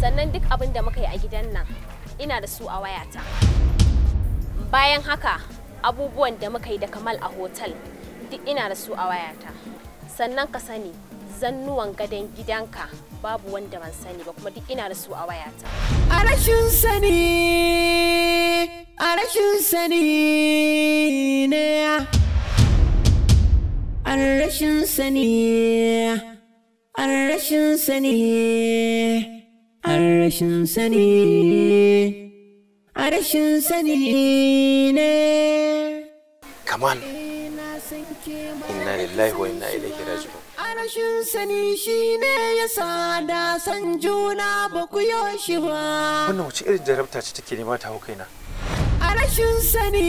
sannan duk abin da muka yi a gidan nan ina da su a wayata bayan haka abubuwan da muka yi da kamal a hotel duk ina da su a wayata sannan ka sani zannuwan gadon gidanka babu wanda ban sani ba kuma duk ina da su a wayata a rashin sani a rashin sani ne an rashin sani an rashin sani an rashin sani an rashin sani ne kaman inna lillahi wa inna ilaihi raji'un a rashin sani shine yasa da san juna ba ku yoshi ba wannan wace irin jarabta ce take nema ta hau kaina a rashin sani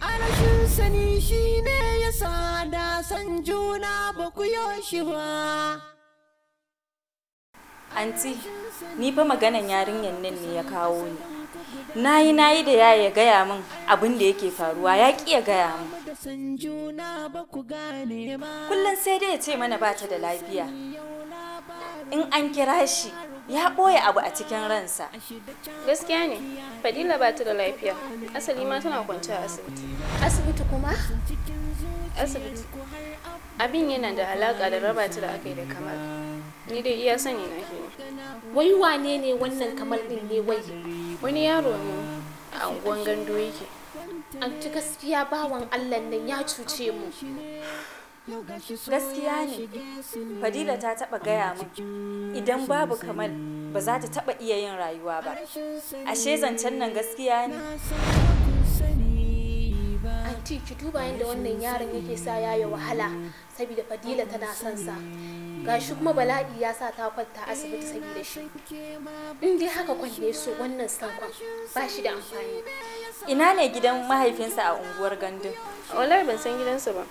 Arashin sani shi ne ya sada san juna ba ku yoshi ba. Anti, ni fa maganan yarinyar nan ne ya kawo ni. Na yi na yi da ya ya gaya min abin da yake faruwa ya ƙi ya gaya min. Kullum sai dai ya ce mana ba ta da lafiya. In an kira shi ya ɓoye abu a cikin ransa. Gaskiya ne, Fadila ba ta da lafiya, asali ma tana kwance a asibiti. Asibiti kuma? Asibiti. Abin yana da alaƙa da raba ta da aka yi da kamar. Ni dai iya sani na ke Wai wane ne wannan kamar ɗin ne wai? Wani yaro ne a unguwan gando yake. An ci gaskiya bawan Allah nan ya cuce mu. gaskiya ne fadila ta taba gaya min idan babu kamal ba za ta taba iya yin rayuwa ba ashe zancen nan gaskiya ne anti ki duba yadda wannan yaron yake sa yaya wahala saboda fadila tana son sa gashi kuma bala'i ya sa ta kwanta asibiti saboda shi in dai haka kwanne so wannan sankon ba shi da amfani ina ne gidan mahaifinsa a unguwar gandun wallahi ban san gidansa ba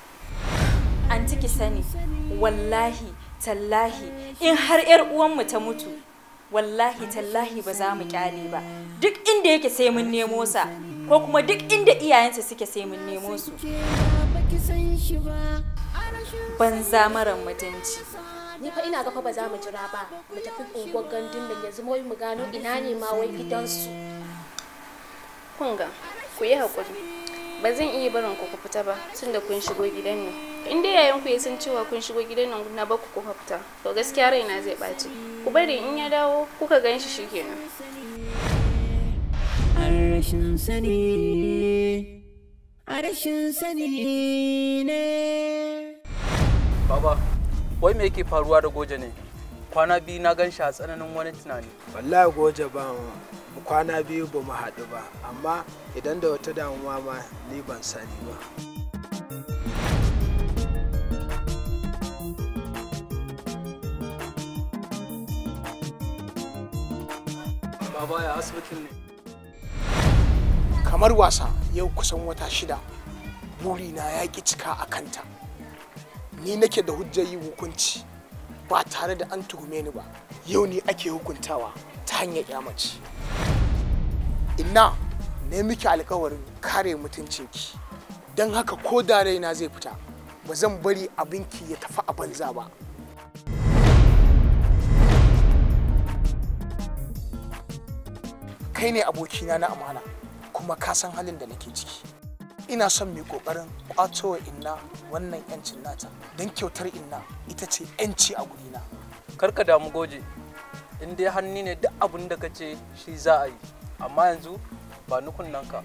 an ki sani wallahi tallahi in har yar uwanmu ta mutu wallahi tallahi ba za mu kyale ba duk inda yake sai mun nemo sa ko kuma duk inda iyayensa suke sai mun nemo su banza mara mutunci ni fa ina ga fa ba za mu jira ba mu tafi unguwar gandun da yanzu mu mu gano ina ne ma wai gidansu kun ga ku yi hakuri ba zan iya barin ku ku fita ba tunda kun shigo gidan nan in dai yayan ya san cewa kun shigo gidan nan na baku ku fita to gaskiya raina zai ɓaci ku bari in ya dawo kuka gan shi shikenan rashin sani a rashin sani ne baba wai me yake faruwa da goje ne kwana biyu na gan shi a tsananin wani tunani wallahi goje ba kwana biyu ba mu haɗu ba amma idan da wata damuwa ma ni ban sani ba baya asibitin ne kamar wasa yau kusan wata shida burina ya ki cika a kanta ni nake da hujjar yi hukunci ba tare da an tuhume ni ba yau ne ake hukuntawa ta hanyar yamaci inna ne miki alkawarin kare mutuncin ki, don haka ko da raina zai fita ba zan bari abinki ya tafi a banza ba kai ne abokina na amana kuma ka san halin da nake ciki ina son mai kokarin kwato wa inna wannan yancin nata don kyautar inna ita ce yanci a gurina karka damu goje in dai hannu ne duk abin da kace shi za a yi amma yanzu ba nukun nan ka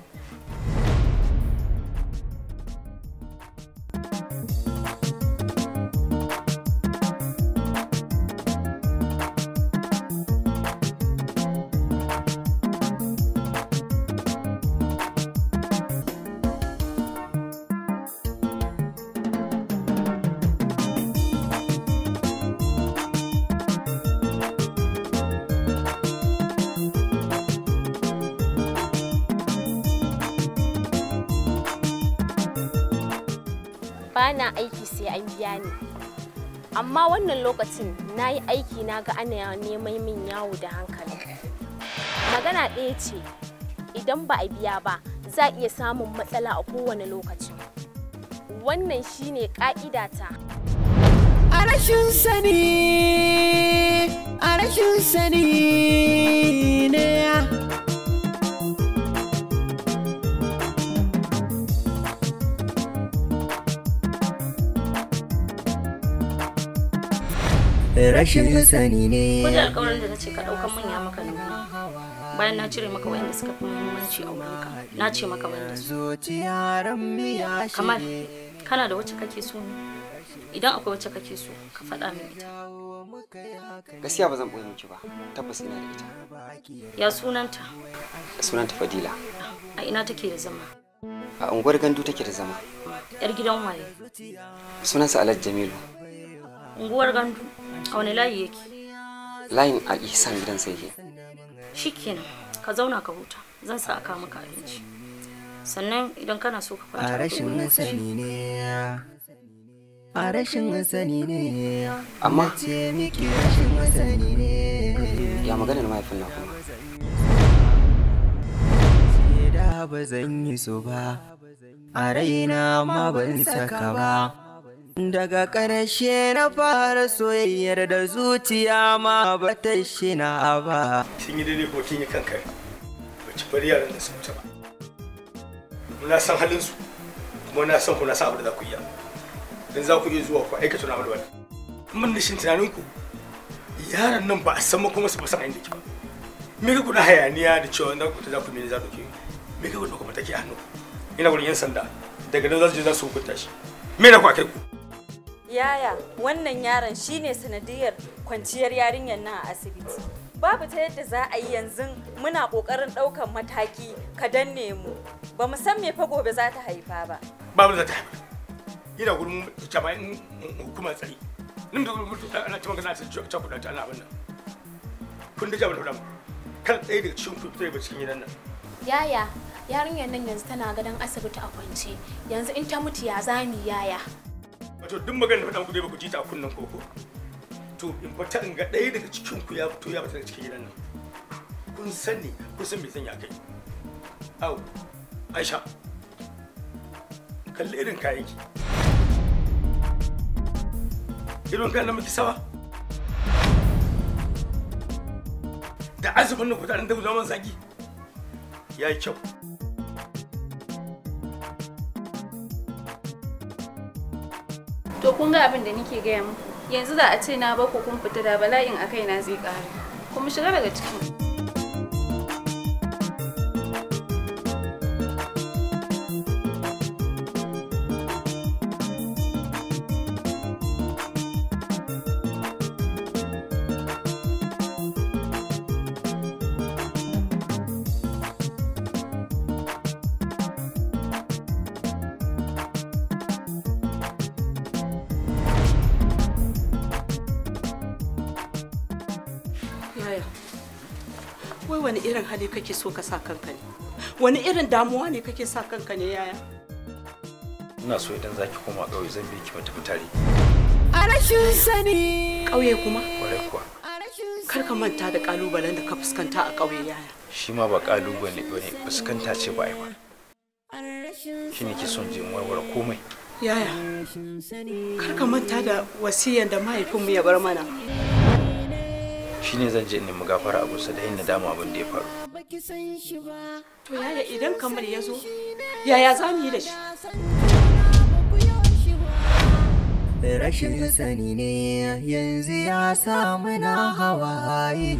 Bana aiki sai an biya ni amma wannan lokacin na yi aiki na ga ana neman min yawo da hankali magana ɗaya ce idan ba a biya ba za iya samun matsala a kowane lokaci wannan shine ƙa'ida a rashin sani a rashin sani ne rashin sani ne ko da alƙawarin da nace ka daukan mun ya maka nauyi bayan na cire maka wayanda suka fi muhimmanci a ka, na ce maka banda su kamal kana da wacce kake so ne idan akwai wacce kake so ka faɗa min ita gaskiya ba zan ɓoye miki ba tabbas ina da ita ya sunanta sunanta fadila a ina take da zama a unguwar gandu take da zama yar gidan waye sunansa alhaji jamilu unguwar gandu a wani layi yake layin a isan gidan sai ke shikenan ka zauna ka huta zan sa aka maka abinci sannan idan kana so ka kwanta a rashin sani ne a rashin sani ne amma ce miki rashin sani ne ya magana da mahaifin na kuma da ba zan yi so ba a raina ma ban saka ba Daga ƙarshe na fara soyayyar da zuciya ma ba ta na ba. Kin yi daidai ko kin yi kanka ba ci bari yaran da su mutu ba. Na san halin su kuma na san ku na san abu da za ku iya. Dan za ku iya zuwa ku aikata na malwala. Mun shin tunanin ku yaran nan ba a san kuma su ba san inda ke ba. Me ku da hayaniya da cewa na ku ta za ku me za ku ke. Me ku da kuma take hannu. Ina gurin yan sanda daga nan za su je za su hukunta shi. Me na ku kai ku. Yaya, wannan yaron shine sanadiyar kwanciyar yarinyar nan a asibiti. Babu ta yadda za a yi yanzu muna kokarin daukan mataki ka danne mu. Ba mu san me fa gobe za ta haifa ba. Babu za ta haifa. Ina gurin jama'in hukumar tsari. Nim da gurin mutu ana ta magana ta ta kuɗa ta ana abin nan. Kun da jama'a da Kan tsaye daga cikin kuɗi ba cikin gidan nan. Yaya, yarinyar nan yanzu tana gadon asibiti a kwance. Yanzu in ta mutu ya zami yaya. wato duk magana da faɗa muku dai ba ku ji ta a kunnen koko to in fata in ga ɗaya daga cikin ku ya fito ya fita daga cikin gidan nan kun sani kun san me zan yi akai au aisha kalli irin kayan ki irin kayan nan muke sawa da azumin nan ku ta tarin da zaman zaki ya yi kyau kun ga abin da nake gaya muku yanzu za a ce na baku kun fita da bala'in a na zai ƙare kuma shiga daga cikin wani irin hali kake so ka sa kanka ne wani irin damuwa ne kake sa kanka ne yaya ina so idan zaki koma ƙauye zan bi mata wata fitare a rashin sani ƙauye kuma kar ka manta da ƙalubalen da ka fuskanta a ƙauye yaya shi ma ba ƙalubale ba ne fuskanta ce ba ai ba shi ne ke son jin warware komai yaya kar ka manta da wasiyan da mahaifinmu ya bar mana shine zan je in nemi gafara a gusa da yin nadama abin da ya faru to yaya idan kamar ya zo yaya za mu yi da shi rashin sani ne yanzu ya sa na hawa ne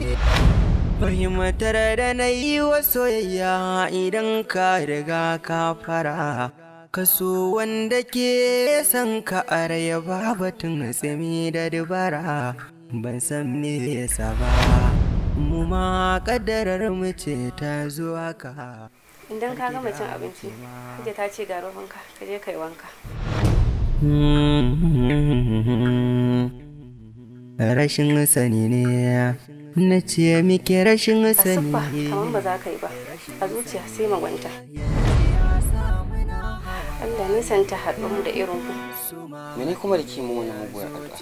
fahimtar da na yi wa soyayya idan ka riga ka fara kaso wanda ke san ka arya babatun tsimi da dubara ban san me yasa ba mu ma kaddarar mu ce ta zo haka idan ka gama cin abinci kaje ta ce ga ruwanka ka je kai wanka rashin sani ne na ce miki rashin sani ne kamar ba za ka yi ba a zuciya sai magwanta Allah san ta haɗu da irin ku. Mene kuma da ke mu wani muguwar addu'a?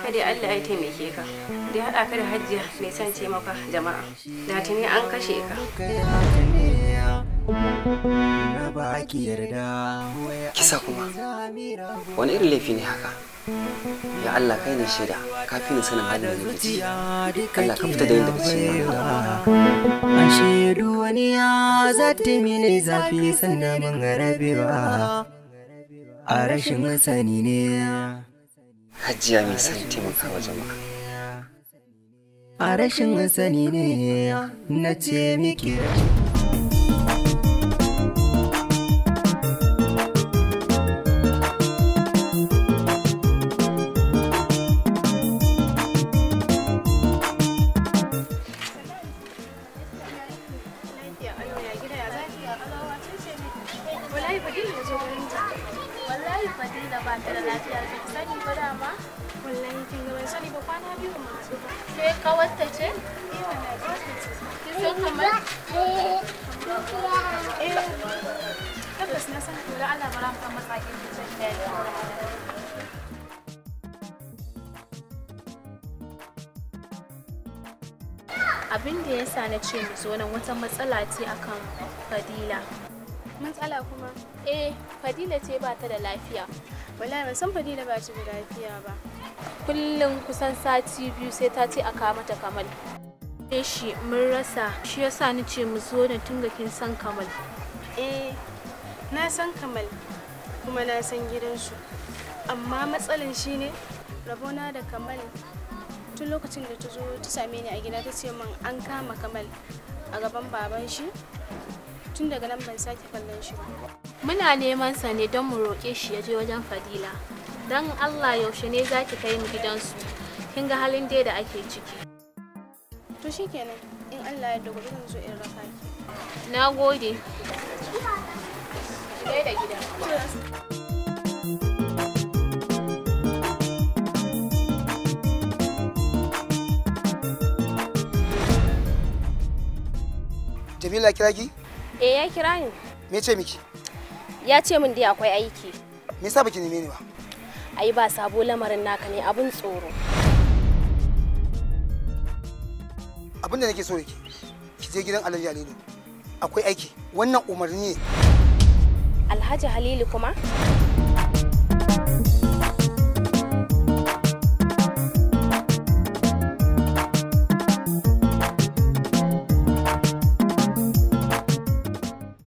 Kada Allah ya taimake ka. Da ya ka da hajjiya mai san ce maka jama'a. Da tuni an kashe ka. ba ki yarda kisa kuma wani irin laifi ne haka ya Allah kai ne shaida kafin sanin halin da nake ciki Allah ka fita da yadda kace an ashe wani ya ta mini zafi sannan mun ba a rashin sani ne hajiya mai sani taimaka wa jama'a a rashin sani ne na ce miki wallahi fadila da zogarin ta wallahi fadila ba ta da lafiya ba ki sani ba ma wallahi kin ga ban sani ba kwana biyu ma haɗu ba ce eh wallahi ce ki so kamar eh tabbas na san kula Allah bara mu kan matsakin da abin da ya sa na ce mu zo nan wata matsala ce akan fadila matsala kuma eh fadila ce ba ta da lafiya wallahi ban san fadila ba ta da lafiya ba kullum kusan sati biyu sai ta ce a kawo mata kamal shi mun rasa shi ya sa ni ce mu zo nan tunga kin san kamal eh na san kamal kuma na san gidansu amma matsalin shine rabona da kamal tun lokacin da ta zo ta same ni a gida ta ce min an kama kamal a gaban baban shi tun daga nan ban sake kallon shi muna neman sa ne don mu roƙe shi ya je wajen fadila don allah yaushe ne za ki kai mu gidansu kin ga halin dai da ake ciki to shikenan in allah ya dogo zan zo in raka ki na gode da gida Jamila kira ki? Eh ya kira ni. Me ce miki? Ya ce min dai akwai aiki. Me yasa baki neme ni ba? Ai ba sabo lamarin naka ne abun tsoro. Abin da nake so yake. Ki je gidan Alhaji Halilu. Akwai aiki. Wannan umarni ne. Alhaji Halilu kuma?